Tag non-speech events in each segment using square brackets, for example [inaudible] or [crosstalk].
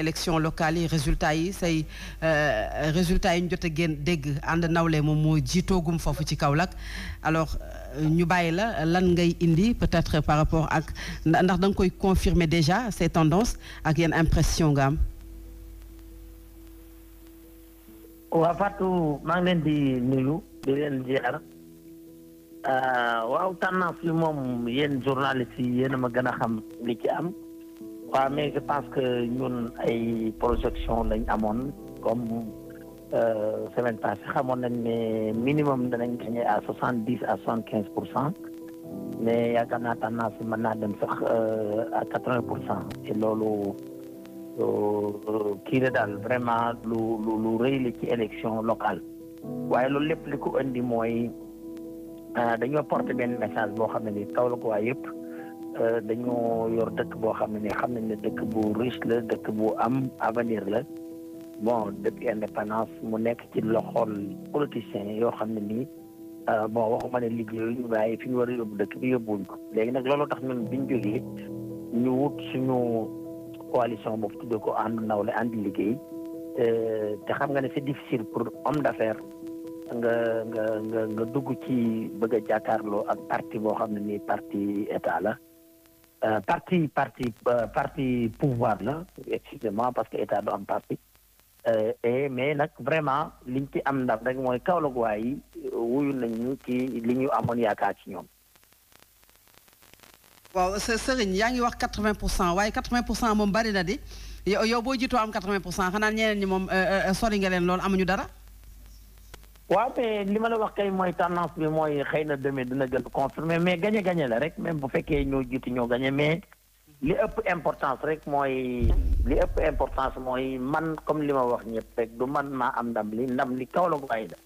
élection locale yi résultat yi say euh, résultat yi ñu jot a dégg and nawlé mom mo jito gum fofu ci Kaolack alors euh, ñu bayé la lan ngay indi peut-être par rapport ak ndax dang koy confirmer déjà ces tendances ak yenn impression gam ou waa ma maa ngi leen di nuyu di leen ziar euh, waaw tendance yi mom yéen journalistes yi yéen ma gëna xam li ci am. waaw mais je pense que ñun ay projection lañ amoon comme euh, semaine passée xamoon nañ ne minimum danañ gagné a soixante dix à soixante quinze pour cent mais yaakaar naa tendance bi mën naa dem sax a euh, quatre vingt pour cent et loolu euh, kii la daal vraiment lu lu lu rëy la ci élection locale waaye loolu lépp li ko indi mooy dañoo porter benn message boo xam ne la ko waa yëpp. Euh, dañoo yor dëkk boo xam ne ni xam nañ ne dëkk bu riche la dëkk bu am avenir la bon depuis indépendance mu nekk ci loxol politiciens yoo xam ne nii euh, bon waxuma ne liggéeyuñ waaye fi ñu war a yóbbu dëkk bi yóbbuwuñ ko léegi nag looloo tax ñun biñ jógee ñu wut suñu coalition boobu tuddee ko ànd nawle ànd liggéey euh, te xam nga ne c'est difficile pour homme d'affaires nga nga nga nga dugg ci bëgg a jàkkaarloo ak parti boo xam ne nii parti état la Euh, parti parti euh, parti pouvoir là, excusez-moi parce que état du am parti euh, et mais nag vraiment liñ ci am ndam rek mooy Kaolack waa yi euh, wuyu nañu ci li ñu amoon yaakaar ci ñoom. waaw Serigne ngi wax 80 pour 80 pour cent moom bari na di yow boo am 80 pour cent xanaa ñeneen ñi moom sori nga leen lool amuñu dara. waaw mais li ma la wax kay mooy tendance bi mooy xëy na demee dina gën confirmer mais gagné gagné la rek même bu fekkee ñoo jiitu ñoo gagné mais li ëpp importance rek mooy li ëpp importance mooy man comme li ma wax ñëpp rek du man maa am ndam li ndam li kaw la waaye la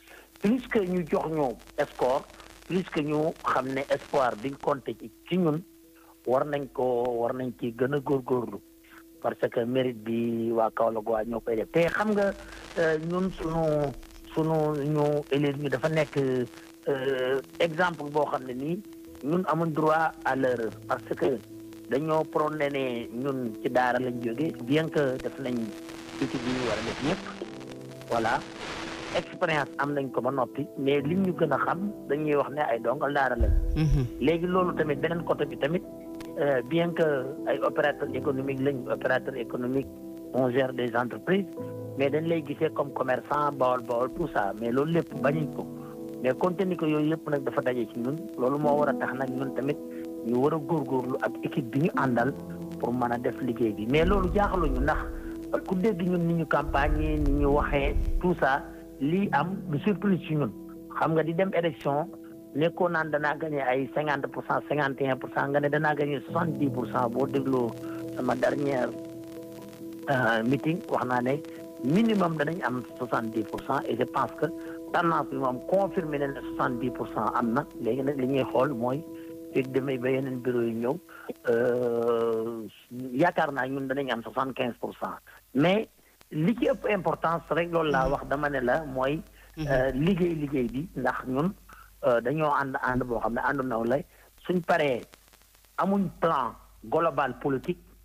plus que ñu jox ñu score plus que ñu xam ne espoir bi compté ci ci ñun war nañ ko war nañ ci gën a góor góorlu parce que mérite bi waa Kaolack waa ñoo koy def te xam nga euh, ñun sunu sunu ñu élèves yi dafa nekk euh, exemple boo xam ne nii ñun amuñ droit à l'erreur parce que dañoo prôné ne ñun ci daara lañ jóge bien que def nañ études yi ñu war a def ñëpp voilà expérience am nañ ko ba noppi mais li ñu gën a xam dañuy wax ne ay dongal daara lañ mm-hmm. léegi loolu tamit beneen côté bi tamit euh, bien que ay opérateur économique lañ opérateur économique on gère des entreprises mais dañ lay gisee comme commerçant bawol bawol tout ça mais loolu lépp bañuñ ko mais compte ni ko yooyu yëpp nag dafa daje ci ñun loolu moo war a tax nag ñun tamit ñu war a góorgóorlu ak équipe bi ñu àndal pour mën a def liggéey bi mais loolu ndax ku dégg ñun ni ñu campagne ni ñu waxee tout ça lii am du surprise ci ñun xam nga di dem élection nekkoon naan danaa gagné ay cinquante pour cent cinquante pour cent nga ne danaa gagné soixante pour cent boo dégloo sama dernière Euh, meeting wax naa ne minimum danañ am soixante dix pour cent et je pense que tendance bi moom confirmé na ne soixante dix pour cent am na léegi nag li ñuy xool mooy fekk ba yeneen bureau yu ñëw euh, yaakaar naa ñun danañ am soixante quinze pour cent mais li ci ëpp importance rek loolu laa mm-hmm. wax dama ne la mooy mm-hmm. euh, liggéey liggéey bi ndax ñun dañoo ànd ànd boo xam ne àndu naw la suñ paree amuñ plan global politique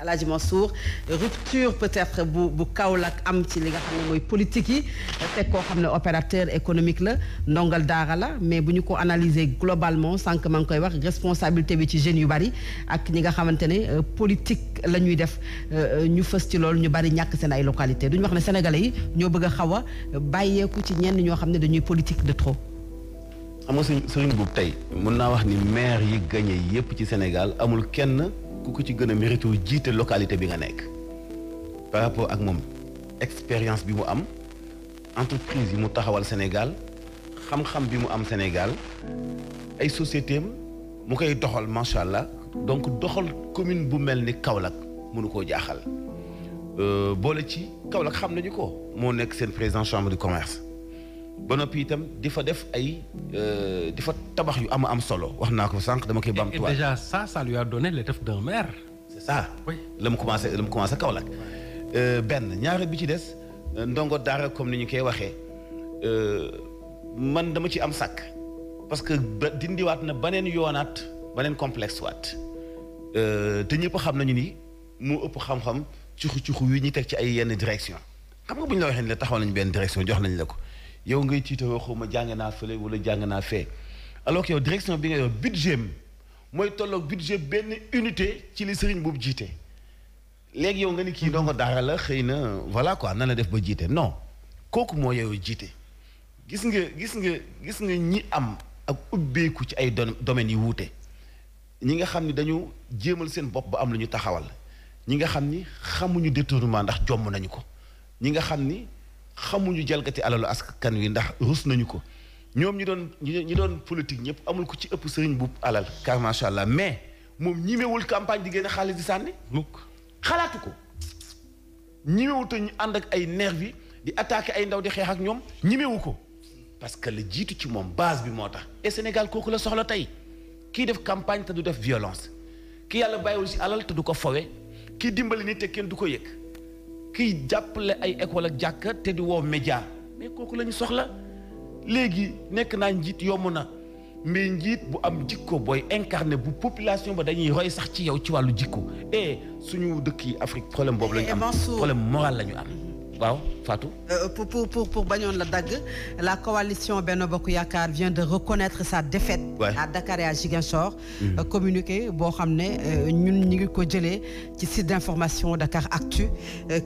Alaaji Mansour rupture peut-être bu bu Kaolack am ci li nga xam ne mooy politique yi teg koo opérateur économique la ndongal daara la mais bu ñu ko analyser globalement sànq maa ngi koy wax responsabilité bi ci jeunes yu bari ak ñi nga xamante ne euh, politique la ñuy def euh, euh, ñu fës ci loolu ñu bari ñàkk seen ay localité du ñu wax ne sénégalais yi ñoo bëgg a xaw a bàyyeeku ci ñenn ñoo xam dañuy politique de trop. xam nga suñ suñu buub tey mën naa wax ni maire yi gagné yépp ci Sénégal amul kenn ko ci mérites a mérité localité par rapport à mon expérience bi mu am entreprise yi mu Sénégal xam-xam Sénégal les sociétés mu koy donc doxal commune bu mel Kaolack mënu jaaxal euh, ci chambre de commerce Bonne itam def ay tabac euh, tabax yu am am solo wax naa dama et déjà ça ça lui a donné le d'un maire. c'est ça. oui la mu commencé la mu commencé Kaolack. Euh, benn bi ci des ndongo comme ni ñu koy euh, man dama ci am sàkk. parce que dindiwaat na beneen yoonaat complexe waat te ñëpp xam nañu ni mu ëpp xam-xam yu ñu teg ci ay yenn direction xam nga la direction jox la ko. yow ngay tiitaroo xaw ma jàng naa fële wala jàng naa fee alors yow direction bi nga yor budget mooy tolloog budget benn unité ci li sëriñ boobu jiite léegi yow nga ni kii ndongo daara la xëy na voilà quoi na la def ba jiite non kooku moo yow jiite gis nga gis nga gis nga ñi am ak ubbeeku ci ay domaines yi wuute ñi nga xam ni dañu jéemal seen bopp ba am lu ñu taxawal ñi nga xam ni xamuñu détournement ndax jomm nañu ko ñi nga xam ni xamuñu jalgati alalu askan wi ndax rus nañu ko ñoom ñi doon ñi doon politique ñëpp amul ko ci ëpp sëriñ bu alal car macha allah mais moom ñimewul campagne di génne xaalis di sànni mukk xalaatu ko ñimewul te ñu ànd ak ay nervi di attaqué ay ndaw di xeex ak ñoom ñimewu ko parce que la jiitu ci moom base bi moo tax et Sénégal kooku la soxla tey kii def campagne te du def violence ki yàlla bàyyiwul si alal te du ko fowe kii dimbali nit te kenn du ko yëg kiy jàppale ay école ak jàkka te di woo média mais kooku la ñu soxla léegi nekk naa njiit yomb na mais njiit bu am jikko booy incarné bu population ba dañuy roy sax ci yow ci wàllu jikko et eh, suñu dëkk yi Afrique problème boobu lañu ñu am eh, problème moral la ñu am waaw Fatou. Euh, pour pour pour pour la la coalition Benno Bokk vient de reconnaître sa défaite. à Dakar et à Ziguinchor. Mm. Euh, communiqué boo xam ne euh, ñun ñu ngi ko jëlee ci site d'information Dakar Actu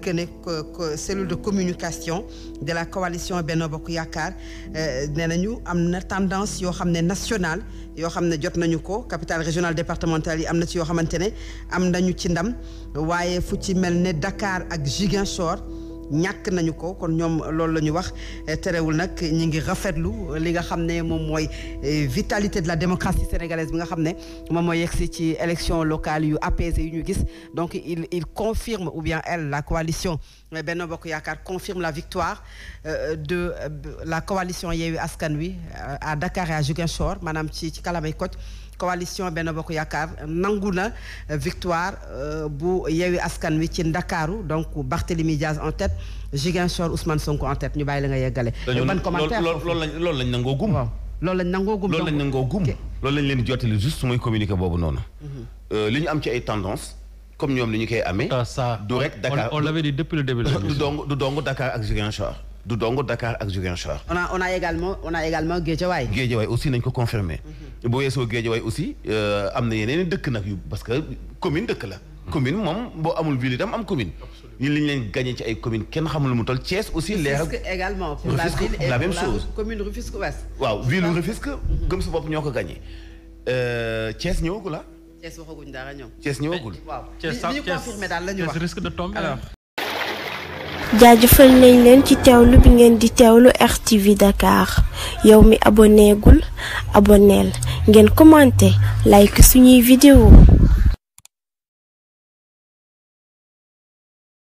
que cellule de communication de la coalition Benno Bokk Yaakaar nee nañu am tendance yo, xam nationale Yo xam jot nañu ko capitale régionale départementale yi am ci yo xamantene am nañu ci ndam waye fu ci mel Dakar ak Ziguinchor ñàkk nañu ko kon ñom loolu lañu wax eh, téréwul nak ñi ngi rafetlu li nga xamné mom moy eh, vitalité de la démocratie sénégalaise bi nga xamné mom moy mooy ci élection locale yu apaisé yu ñu gis donc il il confirme ou bien elle la coalition eh, Benno Bokk Yaakaar confirme la victoire euh, de euh, la coalition Yewwi Askan Wi euh, à Dakar et à Ziguinchor manam ci ci kalamay coach coalition ben Bokk yakar nangu na euh, victoire euh, bu yewi Askan Wi ci Ndakaaru donc Barthélémy Diaz en tête Ziguinchor Ousmane Sonko en tête ñu bàyyi la nga yeggale. ban commentaire loolu lañ nango gum. loolu lañ nango gum loolu lañ nangoo gum. loolu lañ leen jotali juste moy communiquer bobu nonu mhm. euh ñu am ci ay tendance comme ñom li ñu koy amee. Ah, du rek Dakar on l'avait dit depuis le début. [laughs] du dong du dong Dakar ak Ziguinchor du Dakar ak on a également on a également Guédiawaye. Guédiawaye aussi que ko confirmer aussi euh, amener parce que commune de la. commune ville am commune. il est gagné ci commune xamul aussi. l'air. également pour la ville la même chose commune Rufisque Ouest. waaw ville Rufisque. Mhm. pas gagné. Euh, Thiès ah? Thiès Thiès risque de tomber alors. jaajëfal nañ leen ci teewlu bi ngeen di teewlu RTV Dakar yow mi aboneegul aboneel ngeen commenté like suñuy vidéo